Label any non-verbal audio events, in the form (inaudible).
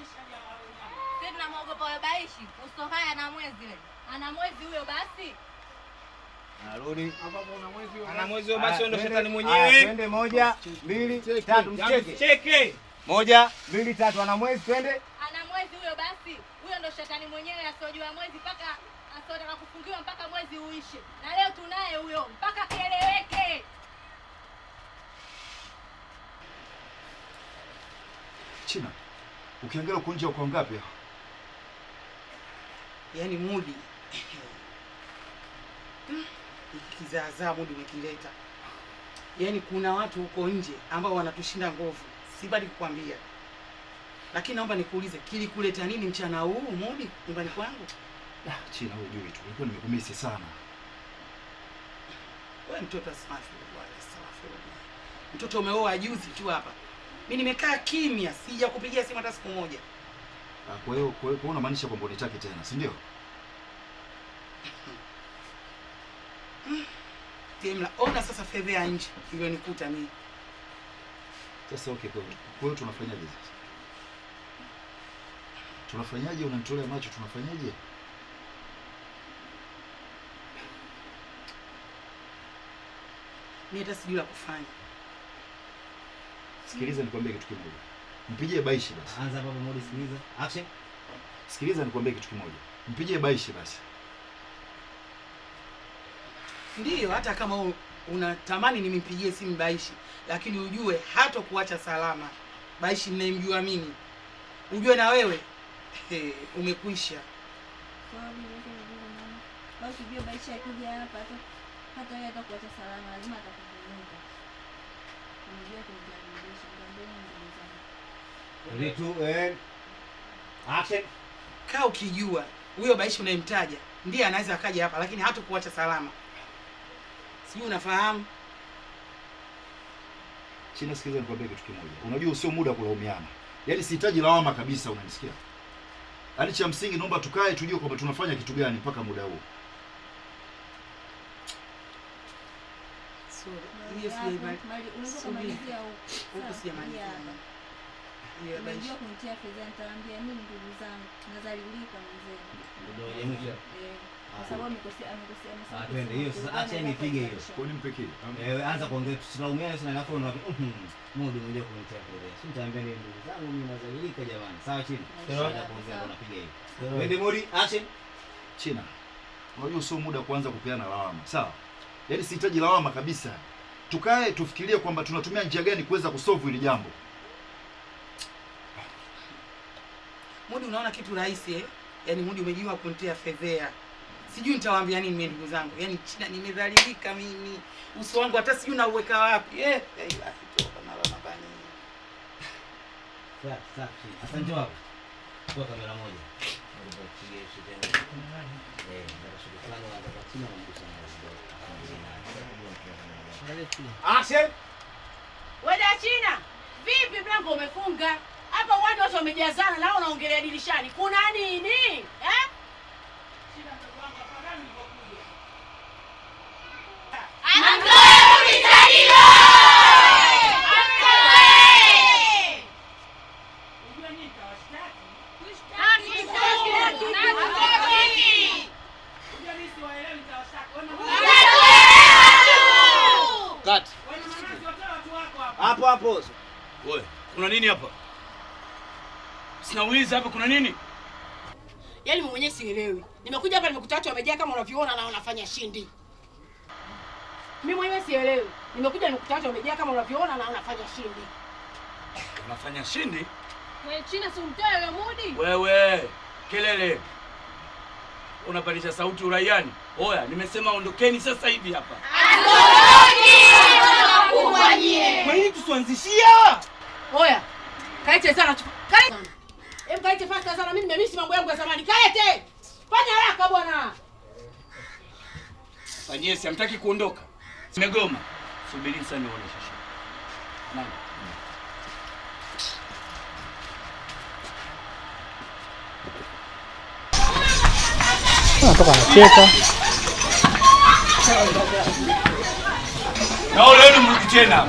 Sisi tunamwogopa wewe Baishi, usitokane na mwezi wewe. Ana mwezi huyo basi. Ana mwezi huyo basi ndio shetani mwenyewe. Twende moja, mbili, tatu yaani mcheke. Cheke. Moja, mbili, tatu ana mwezi twende. Ana mwezi huyo basi. Huyo ndo shetani mwenyewe asiyojua mwezi mpaka asiyotaka kufungiwa mpaka mwezi uishe. Na leo tunaye huyo mpaka kieleweke. China. Ukiangalia uko nje uko ngapi? Yaani mudi kizaazaa mudi umekileta. Yaani kuna watu huko nje ambao wanatushinda nguvu, sibadi kukwambia, lakini naomba nikuulize, kilikuleta nini mchana huu mudi nyumbani kwangu? Ah, China wewe tu, nimekumisi sana wewe mtoto. Astaghfirullah, astaghfirullah, mtoto umeoa juzi tu hapa mimi nimekaa kimya, kupigia simu hata siku moja. Ah, kwa hiyo kwa hiyo unamaanisha kwamba unitaki tena, si ndio? Temla, (clears throat) ona sasa fedha ya nje iliyonikuta mimi. Sasa okay, kwa hiyo tunafanyaje sasa? Tunafanyaje? Unanitolea macho, tunafanyaje? Mimi hata sijui la kufanya. Sikiliza nikwambie kitu kimoja. Mpigie Baishi basi. Anza baba mmoja sikiliza. Ache. Sikiliza nikwambie kitu kimoja. Mpigie Baishi basi. Ndiyo, hata kama unatamani nimpigie simu Baishi, lakini ujue hata kuacha salama. Baishi ninayemjua mimi. Ujue na wewe hey, umekwisha. Basi ujue Baishi akija hapa hata hata yeye atakuacha salama, lazima atakuvumilia. Kaa ukijua huyo Baishi unayemtaja ndiye anaweza akaja hapa, lakini hata kuacha salama. Sijui unafahamu China. sikiliza nikwambie kitu kimoja, unajua sio muda wa kulaumiana, yaani sihitaji lawama kabisa, unanisikia? Yaani cha msingi naomba tukae tujue kwamba tunafanya kitu gani mpaka muda huo. hiyo eh, ah, ah, hiyo sasa acha nipige hiyo. anza kuongea tusilaumiane sana alafu unaona mm-hmm. kunitia fedha. Si nitaambia ni ndugu zangu mimi jamani. Sawa chini. kuongea hiyo. China. sio muda kuanza kupeana lawama. Sawa? yaani sihitaji lawama kabisa. Tukae tufikirie kwamba tunatumia njia gani kuweza kusolve hili jambo. Mudi, unaona kitu rahisi eh? Yaani Mudi umejiwa kuntia fedhea. Sijui nitawaambia nini mimi ndugu zangu. Yaani chida nimedhalilika mimi. Uso wangu hata sijui nauweka wapi. Eh, hey, eh, toka na lana bani. Sasa, Asante wapi? Kwa kamera moja. Weda China, vipi mlango umefunga hapa? Watu wote wamejazana na unaongelea dirishani, kuna nini eh? hapo. Wewe, kuna nini hapa? Sinauliza hapa kuna nini? Yaani mimi mwenyewe sielewi. Nimekuja hapa nimekuta watu wamejaa kama unavyoona na wanafanya shindi. Mimi mwenyewe sielewi. Nimekuja nimekuta watu wamejaa kama unavyoona na wanafanya shindi. Wanafanya shindi? Wewe China si umtoe ile mudi. Wewe, kelele. Unapandisha sauti uraiani. Oya, nimesema ondokeni sasa hivi hapa. Tufanye. Kwa nini tusianzishia? Oya. Kaite sana chupa. Kaite. Hebu kaite fasta sana mimi nimemiss mambo yangu ya zamani. Kaite. Fanya haraka bwana. Fanyesi, hamtaki kuondoka. Nimegoma. Subiri sana uone shasha. Nani? Anatoka anacheka na ole mrudi tena